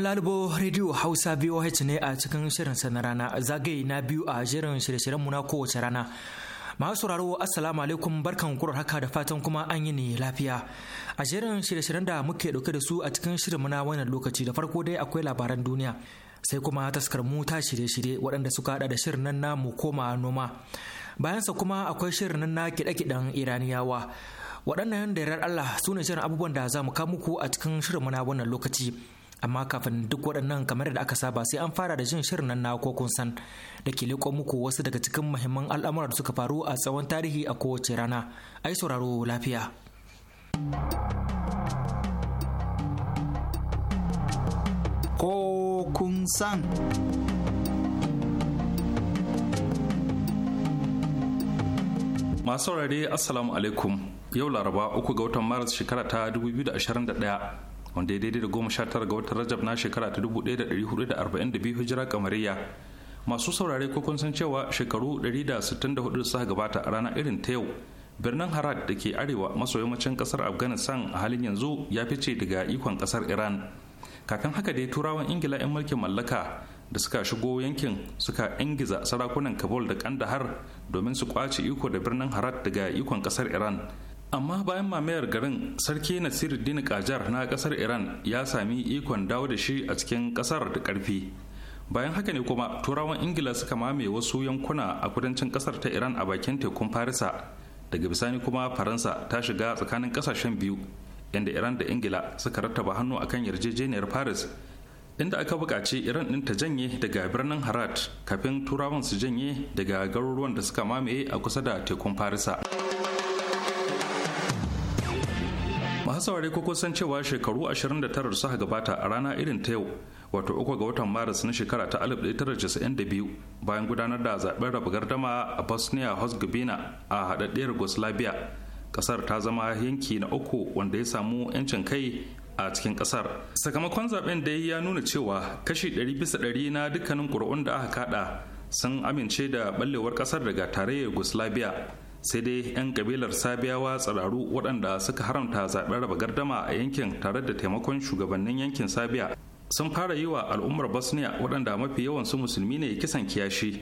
An lalubo rediyo Hausa VOH ne a cikin shirin na rana zagaye na biyu a shirin shirye-shiryenmu na kowace rana. Masu sauraro Assalamu alaikum barkan kurar haka da fatan kuma an yi ne lafiya. A shirin shirye-shiryen da muke dauke da su a cikin shirin na wannan lokaci da farko dai akwai labaran duniya. Sai kuma taskar mu ta shirye-shirye waɗanda suka haɗa da shirin nan namu koma noma. Bayansa kuma akwai shirin nan na kiɗe-kiɗen Iraniyawa. Waɗannan da Allah su ne shirin abubuwan da za mu kawo muku a cikin shirin na wannan lokaci. amma kafin duk waɗannan kamar da aka saba sai an fara da jin shirin nan na ko kun san da ke leƙo muku wasu daga cikin muhimman al'amura da suka faru a tsawon tarihi a kowace rana ai sauraro lafiya ko san masu saurare assalamu alaikum yau laraba uku ga watan maris shekara ta 2021 wanda ya daidai da goma sha tara ga watan rajab na shekara ta dubu ɗaya da ɗari hudu da arba'in da biyu hijira kamariya masu saurare ko kun san cewa shekaru ɗari da sittin da hudu suka gabata a rana irin ta yau birnin harad da ke arewa maso yammacin kasar afghanistan a halin yanzu ya fice daga ikon kasar iran kakan haka dai turawan ingila 'yan mulkin mallaka da suka shigo yankin suka ingiza sarakunan kabul da kandahar domin su kwace iko da birnin harad daga ikon kasar iran amma bayan mamayar garin sarki nasiruddin kajar na kasar iran ya sami ikon dawo da shi a cikin kasar da karfi bayan haka ne kuma turawan ingila suka mame wasu yankuna a kudancin kasar ta iran a bakin tekun farisa daga bisani kuma faransa ta shiga tsakanin kasashen biyu inda iran da ingila suka rattaba hannu akan yarjejeniyar paris inda aka bukaci iran ɗin ta janye daga birnin harat kafin turawan su janye daga garuruwan da suka mamaye a kusa da tekun farisa masu saurare ko kusan cewa shekaru 29 suka gabata a rana irin ta yau wato uku ga watan maris na shekara ta 1992 bayan gudanar da zaben raba gardama a bosnia herzegovina a haɗaɗɗiyar yugoslavia kasar ta zama yanki na uku wanda ya samu 'yancin kai a cikin kasar sakamakon zaben da ya nuna cewa kashi 100 na dukkanin ƙuri'un da aka kada sun amince da ballewar ƙasar daga tarayyar yugoslavia sai dai 'yan kabilar sabiyawa tsiraru waɗanda suka haramta zaɓen raba gardama a yankin tare da taimakon shugabannin yankin sabiya sun fara yi wa al'ummar bosnia waɗanda mafi yawan su musulmi ne kisan kiyashi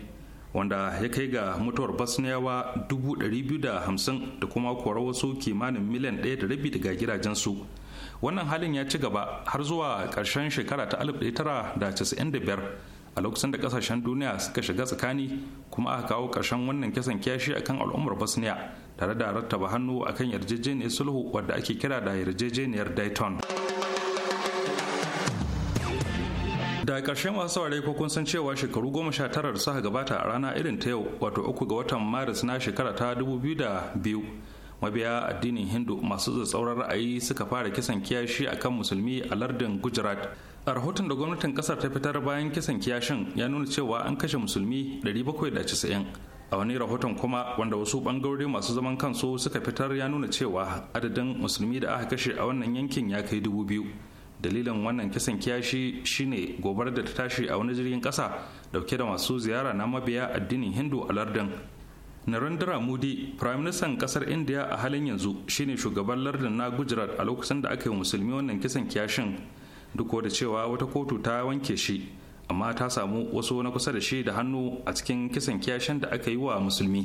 wanda ya kai ga mutuwar bosniyawa 250,000 da kuma korar wasu kimanin miliyan ɗaya da rabi daga gidajensu wannan halin ya ci gaba har zuwa ƙarshen shekara ta 1995 a lokacin da kasashen duniya suka shiga tsakani kuma aka kawo ƙarshen wannan kisan kyashi akan al'ummar bosnia tare da rattaba hannu akan yarjejeniyar sulhu wadda ake kira da yarjejeniyar dayton da ƙarshen masu saurare ko kun san cewa shekaru goma sha tara da suka gabata a rana irin ta yau wato uku ga watan maris na shekara ta dubu biyu da biyu mabiya addinin hindu masu tsatsauran ra'ayi suka fara kisan kiyashi akan musulmi a lardin gujarat a rahoton da gwamnatin kasar ta fitar bayan kisan kiyashin ya nuna cewa an kashe musulmi 790 a wani rahoton kuma wanda wasu bangarori masu zaman kansu suka fitar ya nuna cewa adadin musulmi da aka kashe a wannan yankin ya kai dubu biyu dalilin wannan kisan kiyashi shine gobar da ta tashi a wani jirgin kasa dauke da masu ziyara na mabiya addinin hindu a lardin narendra modi prime minister kasar india a halin yanzu shine shugaban lardin na gujarat a lokacin da aka yi musulmi wannan kisan kiyashin duk da cewa wata kotu ta wanke shi amma ta samu wasu na kusa da shi da hannu a cikin kisan kiyashin da aka yi wa musulmi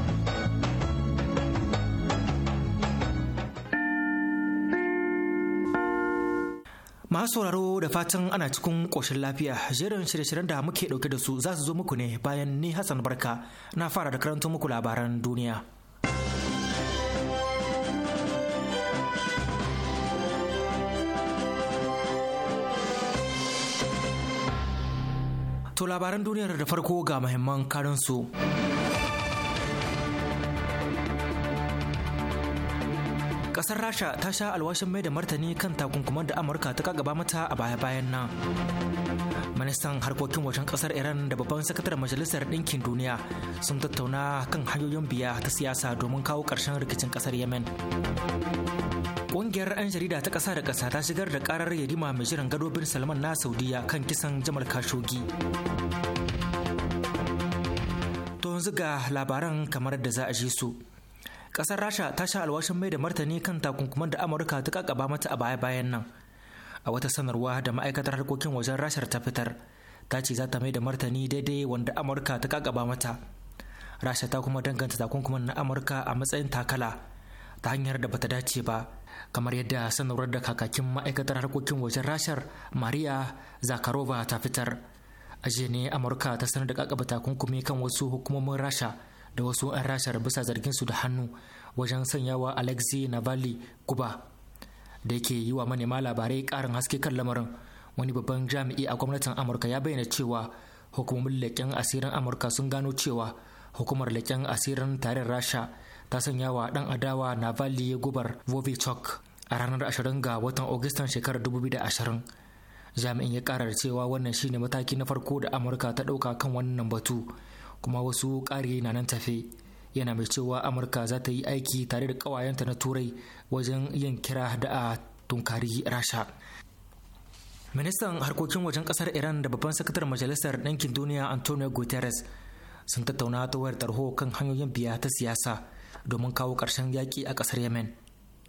Masu sauraro da fatan ana cikin ƙoshin lafiya jerin shirye-shiryen da muke ɗauke da su za su zo muku ne bayan ni Hassan Barka na fara da karanta muku labaran duniya. To labaran duniyar da farko ga muhimman karinsu. su. kasar rasha ta sha alwashin mai da martani kan takunkuman da amurka ta gaba mata a baya-bayan nan ministan harkokin wajen kasar iran da babban sakataren majalisar ɗinkin duniya sun tattauna kan hanyoyin biya ta siyasa domin kawo ƙarshen rikicin kasar yemen Ƙungiyar 'yan jarida ta ƙasa da ƙasa ta shigar da ƙarar yarima mai jiran gado bin Salman na Saudiya kan kisan Jamal kashogi. To yanzu ga labaran kamar da za a ji su. kasar rasha ta sha alwashin mai da martani kan takunkuman da amurka ta kakaba mata a baya-bayan nan a wata sanarwa da ma'aikatar harkokin wajen rashar ta fitar ta ce za ta mai da martani daidai wanda amurka ta kakaba mata rasha ta kuma danganta takunkuman na amurka a matsayin takala ta hanyar da bata dace ba kamar yadda sanarwar da kakakin ma'aikatar harkokin wajen rashar maria zakarova ta fitar a ne amurka ta sanar da kakaba takunkumi kan wasu hukumomin rasha da wasu 'yan rashar bisa zargin su da hannu wajen sanyawa alexei navalny guba da yake yi wa manema labarai karin haske kan lamarin wani babban jami'i a gwamnatin amurka ya bayyana cewa hukumomin leƙen asirin amurka sun gano cewa hukumar leƙen asirin tarin rasha ta sanya wa dan adawa navalny gubar vovichok a ranar 20 ga watan agustan shekarar 2020 jami'in ya karar cewa wannan shine mataki na farko da amurka ta ɗauka kan wannan batu kuma wasu ƙari na nan tafe yana mai cewa amurka za ta yi aiki tare da ƙawayenta na turai wajen yin kira da a tunkari rasha ministan harkokin wajen ƙasar iran da babban sakatar majalisar ɗinkin duniya antonio guterres sun tattauna ta wayar tarho kan hanyoyin biya ta siyasa domin kawo ƙarshen yaƙi a ƙasar yemen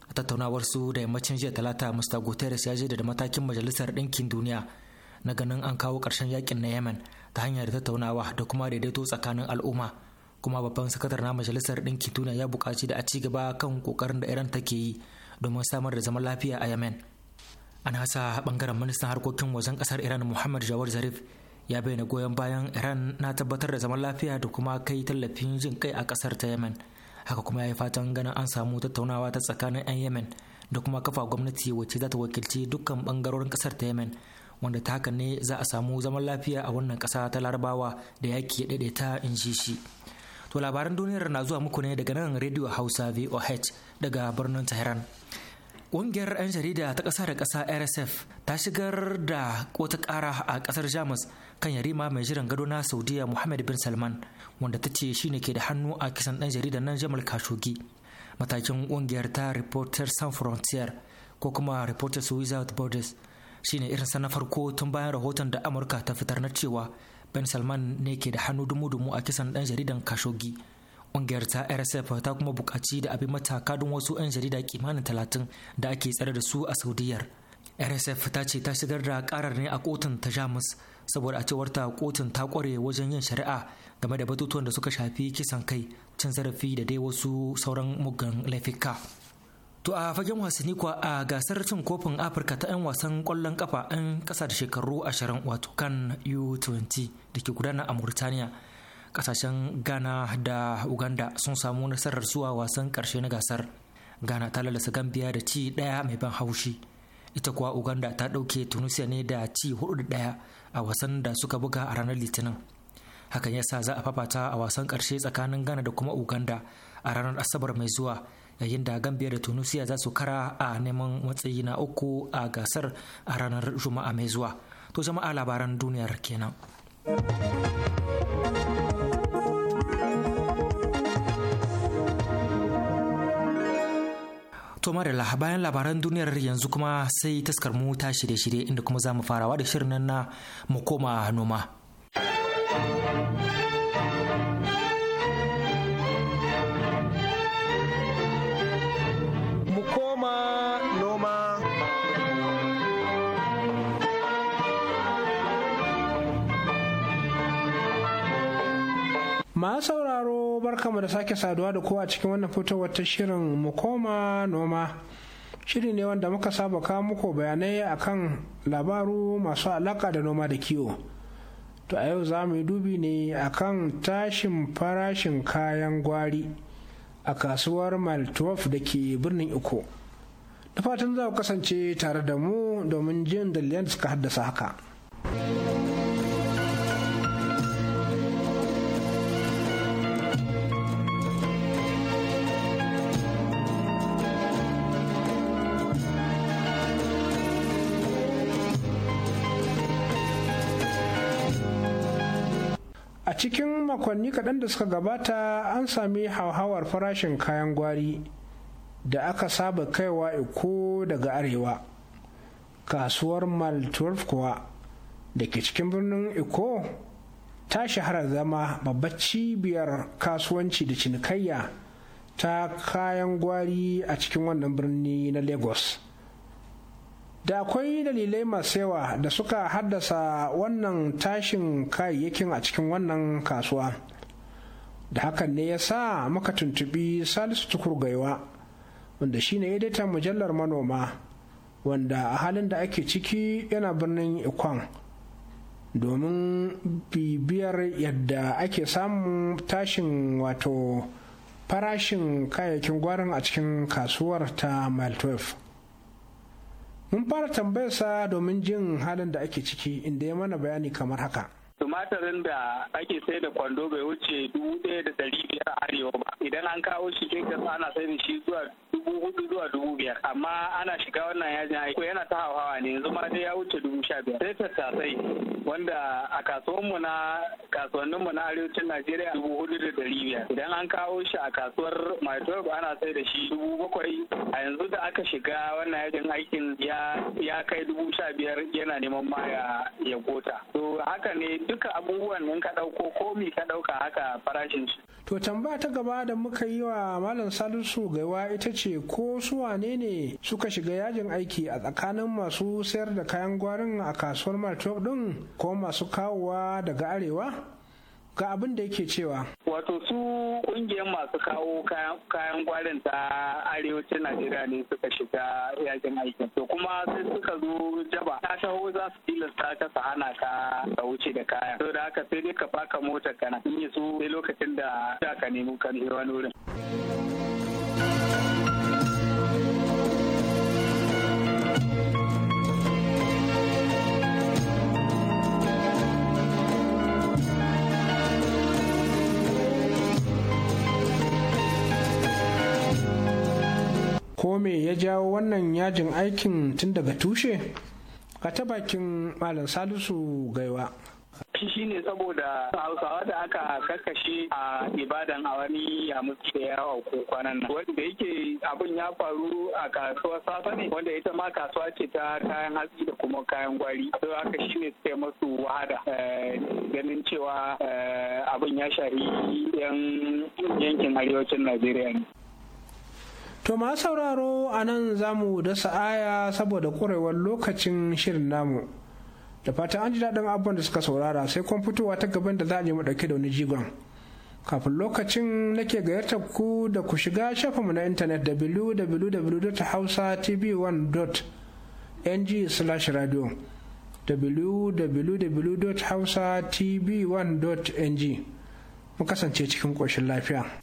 a tattaunawar su da yammacin jiya talata mr guterres ya je da matakin majalisar ɗinkin duniya na ganin an kawo ƙarshen yaƙin na yemen ta hanyar tattaunawa da kuma daidaito tsakanin al'umma kuma babban sakatar na majalisar ɗinki duniya ya buƙaci da a ci gaba kan ƙoƙarin da iran take yi domin samar da zaman lafiya a yemen an hasa ɓangaren ministan harkokin wajen ƙasar iran muhammad jawar zarif ya bayyana goyon bayan iran na tabbatar da zaman lafiya da kuma kai tallafin jin kai a ƙasar ta yemen haka kuma ya yi fatan ganin an samu tattaunawa ta tsakanin 'yan yemen da kuma kafa gwamnati wacce za ta wakilci dukkan bangarorin ƙasar ta yemen wanda ta haka ne za a samu zaman lafiya a wannan ƙasa ta larabawa da yaki ya daidaita in ji shi to labaran duniyar na zuwa muku ne daga nan radio hausa voh daga birnin tehran ƙungiyar 'yan jarida ta ƙasa da ƙasa rsf ta shigar da wata ƙara a ƙasar jamus kan yarima mai jiran gado na saudiya muhammad bin salman wanda ta ce shine ke da hannu a kisan ɗan jaridan nan jamal khashoggi matakin ƙungiyar ta reporter sans frontier ko kuma reporters without borders shine sa na farko tun bayan rahoton da amurka ta fitar na cewa ben salman ne ke da hannu dumu-dumu a kisan dan jaridan kashogi ƙungiyar ta rsf ta kuma buƙaci da abin mataka don wasu 'yan jarida kimanin talatin da ake tsare da su a saudiyar rsf ta ce ta shigar da karar ne a kotun ta jamus saboda a cewar ta kotun ta kware wajen yin shari'a game da batutuwan da suka shafi kisan kai cin zarafi da dai wasu sauran muggan laifuka. To a fagen wasanni kuwa a gasar cin kofin Afirka ta 'yan wasan kwallon kafa 'yan ƙasa da shekaru ashirin wato kan U20 da ke gudana a Mauritania. Kasashen Ghana da Uganda sun samu nasarar zuwa wasan ƙarshe na gasar. Ghana ta lalasa Gambia da ci ɗaya mai ban haushi. Ita kuwa Uganda ta ɗauke Tunisia ne da ci hudu da ɗaya a wasan da suka buga a ranar Litinin. Hakan ya sa za a fafata a wasan ƙarshe tsakanin Ghana da kuma Uganda a ranar Asabar mai zuwa yayin da gambia da tunisia za su kara a neman matsayi na uku a gasar a ranar juma'a mai zuwa to jama'a labaran duniyar kenan To bayan labaran duniyar yanzu kuma sai taskar mu ta shirye-shirye inda kuma za mu farawa da shirin nan na mu koma noma. Ma sauraro barkamu da sake saduwa da kowa cikin wannan fitowar ta shirin mu koma noma. Shiri ne wanda muka saba kawo muku bayanai akan labaru masu alaka da noma da kiwo. To a yau za mu yi dubi ne akan tashin farashin kayan gwari a kasuwar 12 da ke birnin Iko. Da fatan za ku kasance tare da mu domin jin dalilan da suka haddasa haka. makonni kaɗan da suka gabata an sami hauhawar farashin kayan gwari da aka saba kaiwa iko daga arewa kasuwar maltwerf kuwa da ke cikin birnin iko ta shahara zama babbar cibiyar kasuwanci da cinikayya ta kayan gwari a cikin wannan birni na lagos da akwai dalilai masu yawa da suka haddasa wannan tashin kayayyakin a cikin wannan kasuwa da hakan ne ya sa maka tuntubi salisu tukur gaiwa wanda ne editan mujallar manoma wanda a halin da ake ciki yana birnin ikon domin bibiyar yadda ake samun tashin wato farashin kayayyakin gwarin a cikin kasuwar ta mile 12 mun fara tambayarsa domin jin halin da ake ciki inda ya mana bayani kamar haka tumatirin da ake sai da kwando bai wuce dubu ɗaya da ɗari biyar a arewa ba idan an kawo shi kin ana sai da shi zuwa dubu hudu zuwa dubu biyar amma ana shiga wannan yajin aiko yana ta hawa ne yanzu ma dai ya wuce dubu sha biyar sai tattasai wanda a kasuwanmu na kasuwanninmu na arewacin najeriya dubu hudu da dari biyar idan an kawo shi a kasuwar maitorb ana sai da shi dubu bakwai a yanzu da aka shiga wannan yajin aikin ya kai dubu sha biyar yana neman ma ya gota to haka ne duka abubuwan in ka ko komi ka dauka haka farashin shi. to tambaya ta gaba da muka yi wa malam salisu gaiwa ita ce ce ko su wane ne suka shiga yajin aiki a tsakanin masu sayar da kayan gwarin a kasuwar martok din ko masu kawowa daga arewa ga abin da yake cewa. Wato su kungiyar masu kawo kayan gwarin ta arewacin Najeriya ne suka shiga yajin aiki. To kuma sai suka zo jaba ta taho za su tilasta ta su hana ka ka wuce da kaya. To da haka sai dai ka baka motar kana. Sun yi su lokacin da za ka nemi kan wani wurin. ko me ya jawo wannan yajin aikin tun daga tushe ka ta bakin malam salisu gaiwa shi ne saboda hausawa da aka kakashe a ibadan a wani ya da ya ko kwanan nan wanda yake abin ya faru a kasuwar safa ne wanda ita ma kasuwa ce ta kayan hatsi da kuma kayan gwari to aka shi ne suka musu wahada eh, ganin cewa eh, abin ya shari yan yankin arewacin najeriya ne To ma sauraro a nan za mu dasa aya saboda ƙurewar lokacin shirin namu. Da fatan an ji daɗin abubuwan da suka saurara sai kuma fitowa ta gaban da za a je mu ɗauke da wani jigon. Kafin lokacin nake gayyatar ku da ku shiga shafinmu na intanet www.hausatv1.ng/radio www.hausatv1.ng mu kasance cikin ƙoshin lafiya.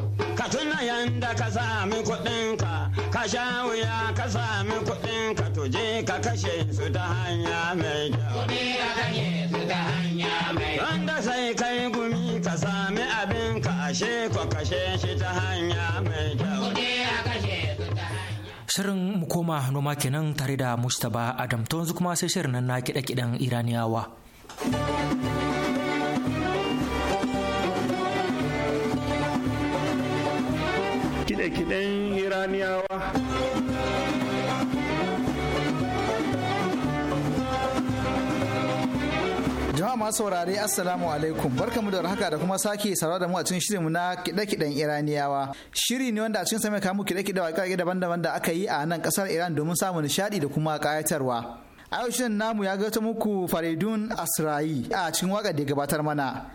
Idan da ka sami kuɗinka, ka sha wuya ka sami ka to je ka kashe su ta hanya mai kyau. Kuɗi ka kashe su ta hanya mai kyau. Wanda sai kai gumi ka sami abin ka ashe ko kashe shi ta hanya mai kyau. Kuɗi ka kashe su ta hanya. Shirin mu koma noma kenan tare da Mustapha Adam to yanzu kuma sai shirin nan na kiɗe-kiɗen Iraniyawa. kiɗe-kiɗen iraniyawa jama'a masu saurare assalamu alaikum barkamu da warhaka da kuma sake saurara da mu a cikin shirinmu na kiɗe-kiɗen iraniyawa shiri ne wanda a cikin sami kamu kiɗe-kiɗe waƙe daban-daban da aka yi a nan kasar iran domin samun nishaɗi da kuma kayatarwa. a yau namu ya gato muku faridun asra'i a cikin waƙar da gabatar mana.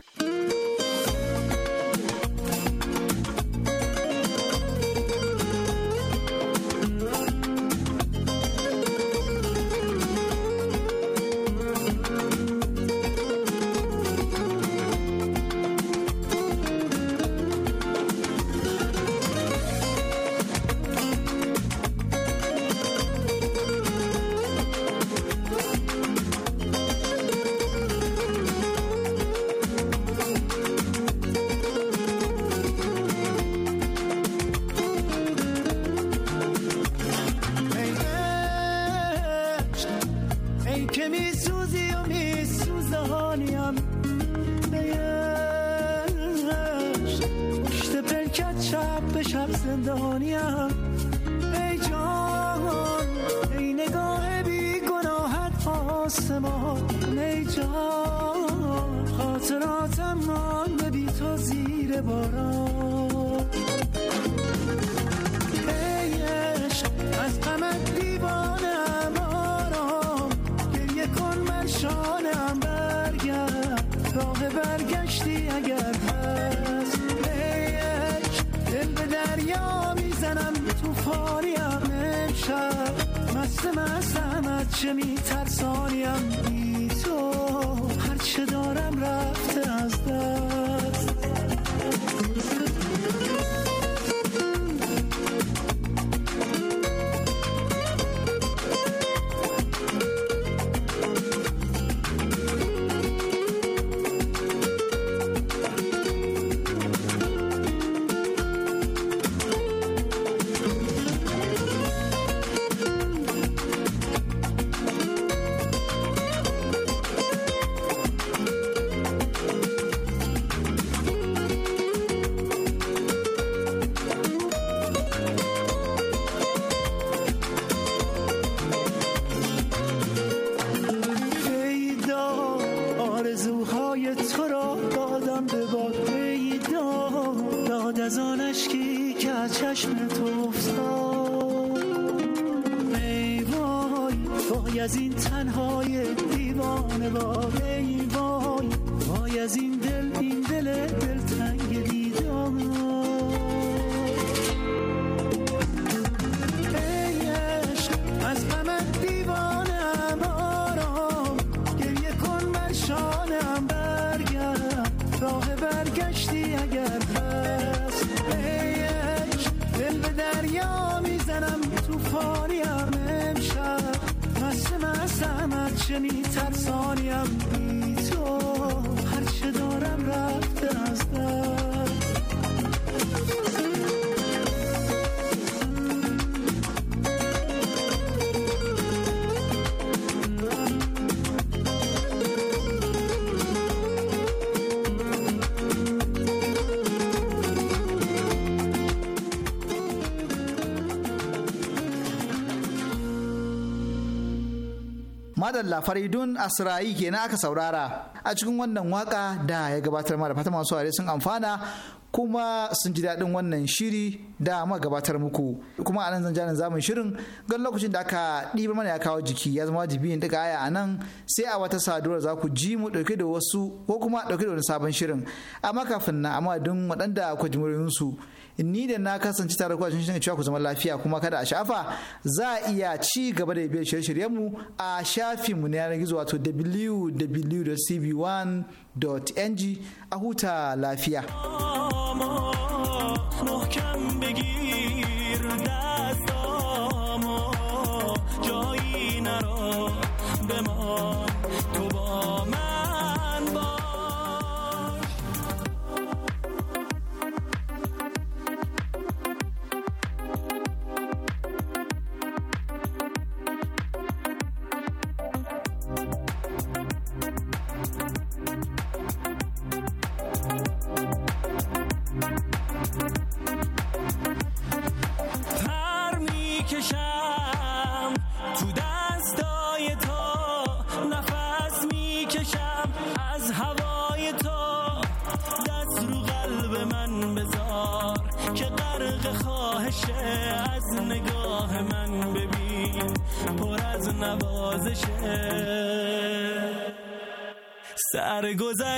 پایم بی تو هرچه دارم رفته از دست از این تنهای دیوانه وای وای از این دل این دل دل تنگ دیدار از غمت دیوانه ام آرام گریه کن شانم برگرد راه برگشتی اگر هست ای دل به دریا میزنم توفانیم میترسم از چه میترسانیم madalla faridun asra'i kenan aka saurara a cikin wannan waka da ya gabatar mara fata masu ware sun amfana kuma sun ji daɗin wannan shiri da ma gabatar muku kuma a nan zan janin zamun shirin gan lokacin da aka ɗiba mana ya kawo jiki ya zama wajibi in ɗaga aya a nan sai a wata saduwar za ku ji mu ɗauke da wasu ko kuma ɗauke da wani sabon shirin amma kafin na amma don waɗanda ku ji ni da na kasance tare kuwa shi cewa ku zama lafiya kuma kada a shafa za a iya ci gaba da biyar shirye-shiryen mu a shafin mu na yanar gizo wato www.cb1.ng a huta lafiya.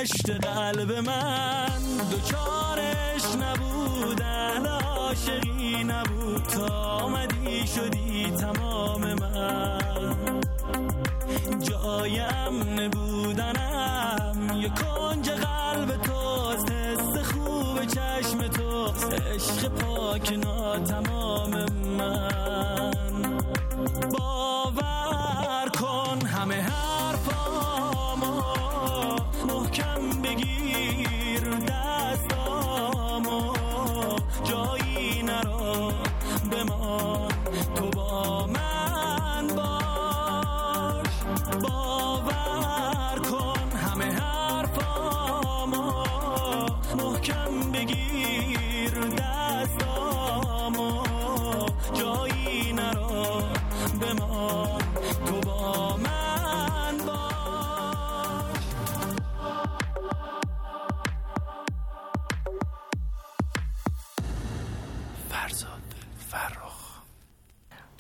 گشت قلب من دوچارش نبود اهل عاشقی نبود تا آمدی شدی تمام من جای امن بودنم یه کنج قلب توست است خوب چشم تو عشق پاک تمام من باور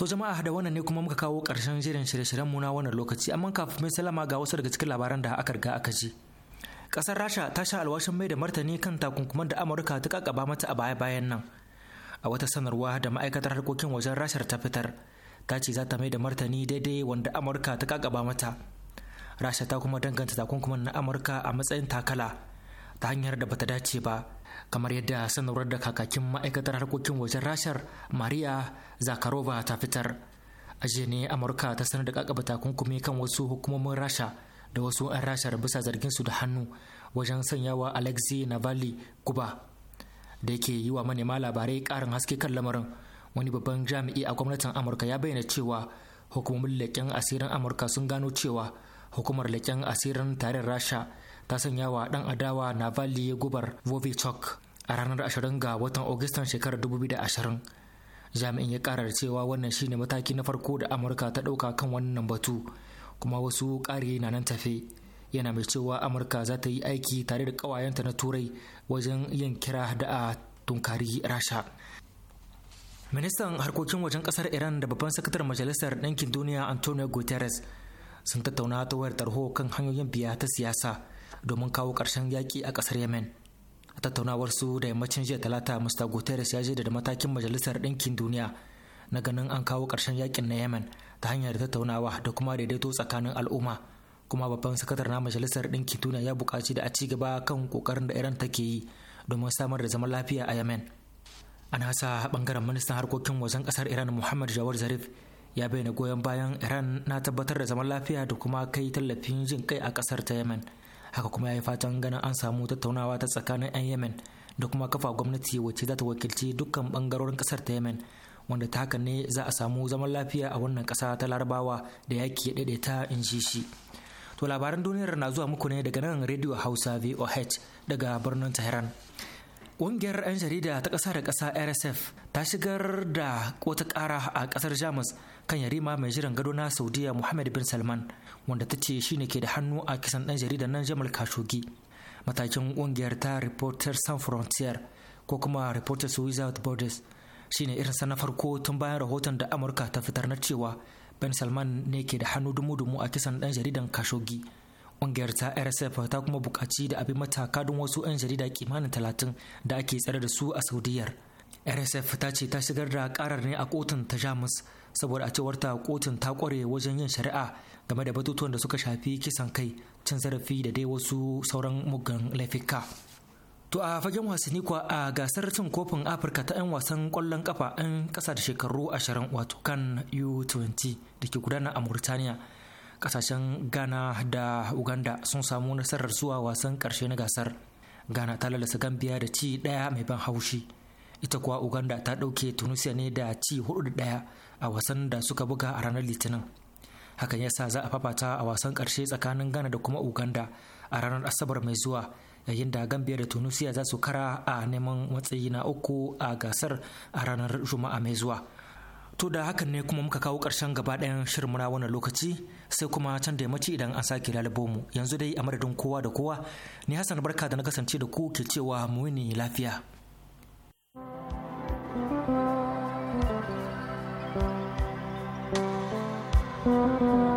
jama'a da wannan ne kuma muka kawo ƙarshen shirin shirye-shiryen muna wannan lokaci amma kafin mai salama ga wasu daga cikin labaran da aka riga aka ji. Ƙasar Rasha ta sha alwashin mai da martani kan takunkuman da Amurka ta kakaba mata a baya-bayan nan. A wata sanarwa da ma'aikatar harkokin wajen Rashar ta fitar ta ce za ta mai da martani daidai wanda Amurka ta kakaba mata. Rasha ta kuma danganta takunkuman na Amurka a matsayin takala ta hanyar da bata dace ba kamar yadda sanarwar da kakakin ma'aikatar harkokin wajen rashar maria zakarova ta fitar a ne amurka ta sanar da kakaba takunkumi kan wasu hukumomin rasha da wasu 'yan rashar bisa zargin su da hannu wajen sanyawa alexei navalny guba da yake yi wa manema labarai karin haske kan lamarin wani babban jami'i a gwamnatin amurka ya bayyana cewa hukumomin leƙen asirin amurka sun gano cewa hukumar leƙen asirin tarin rasha ta sanya wa dan adawa na Navalny gubar vovichok a ranar 20 ga watan Agustan shekarar 2020. Jami'in ya karar cewa wannan shine mataki na farko da Amurka ta ɗauka kan wannan batu kuma wasu kari na nan tafe. Yana mai cewa Amurka za ta yi aiki tare da kawayenta na Turai wajen yin kira da a tunkari Rasha. Ministan harkokin wajen kasar Iran da babban sakatar Majalisar Ɗinkin Duniya Antonio Guterres sun tattauna ta wayar tarho kan hanyoyin biya ta siyasa domin kawo ƙarshen yaƙi a ƙasar yemen a tattaunawar su da yammacin jiya talata mr guterres ya da matakin majalisar ɗinkin duniya na ganin an kawo ƙarshen yaƙin na yemen ta hanyar tattaunawa da kuma daidaito tsakanin al'umma kuma babban sakatar na majalisar ɗinkin duniya ya buƙaci da a ci gaba kan ƙoƙarin da iran take yi domin samar da zaman lafiya a yemen ana hasa bangaren ministan harkokin wajen ƙasar iran muhammad jawar zarif ya bayyana goyon bayan iran na tabbatar da zaman lafiya da kuma kai tallafin jin kai a ƙasar ta yemen haka kuma ya yi fatan ganin an samu tattaunawa ta tsakanin 'yan yemen da kuma kafa gwamnati wacce za ta wakilci dukkan bangarorin kasar ta yemen wanda ta haka ne za a samu zaman lafiya a wannan kasa ta larabawa da yaki ya daidaita in ji shi to labaran duniyar na zuwa muku ne daga nan radio hausa voh daga birnin tehran Ƙungiyar 'yan jarida ta ƙasa da ƙasa RSF ta shigar da wata ƙara a ƙasar Jamus kan yarima mai jiran gado na Saudiya Muhammad bin Salman wanda ta ce shine ke da hannu a kisan ɗan jarida nan Jamal Khashoggi. Matakin ƙungiyar ta Reporter Sans Frontier ko kuma Reporters Without Borders shine irin na farko tun bayan rahoton da Amurka ta fitar na cewa bin Salman ne ke da hannu dumu-dumu a kisan ɗan jaridan Khashoggi. Ƙungiyar ta RSF ta kuma bukaci da abin mataka don wasu 'yan jarida kimanin talatin da ake tsare da su a Saudiyar. RSF ta ce ta shigar da ƙarar ne a kotun ta Jamus saboda a cewar ta kotun ta kware wajen yin shari'a game da batutuwan da suka shafi kisan kai, cin zarafi da dai wasu sauran muggan laifuka. To a fagen wasanni kuwa a gasar cin kofin Afirka ta 'yan wasan kwallon kafa 'yan kasa da shekaru ashirin wato kan U20 da ke gudana a murtaniya. kasashen ghana da uganda sun samu nasarar zuwa wasan karshe na gasar ghana ta lalasa gambia da ci daya mai ban haushi ita kuwa uganda ta dauke tunisia ne da ci hudu da daya a wasan da suka buga a ranar litinin hakan yasa za a fafata a wasan karshe tsakanin ghana da kuma uganda a ranar asabar mai zuwa yayin da gambia da tunisia za su kara a neman matsayi na uku a gasar a ranar juma'a mai zuwa To da hakan ne kuma muka kawo ƙarshen gaba ɗayan shirin na wannan lokaci sai kuma can da mace idan an sake lalabo mu yanzu dai a madadin kowa da kowa ni Hassan barka da na kasance da ku ke cewa mu ne lafiya. thank you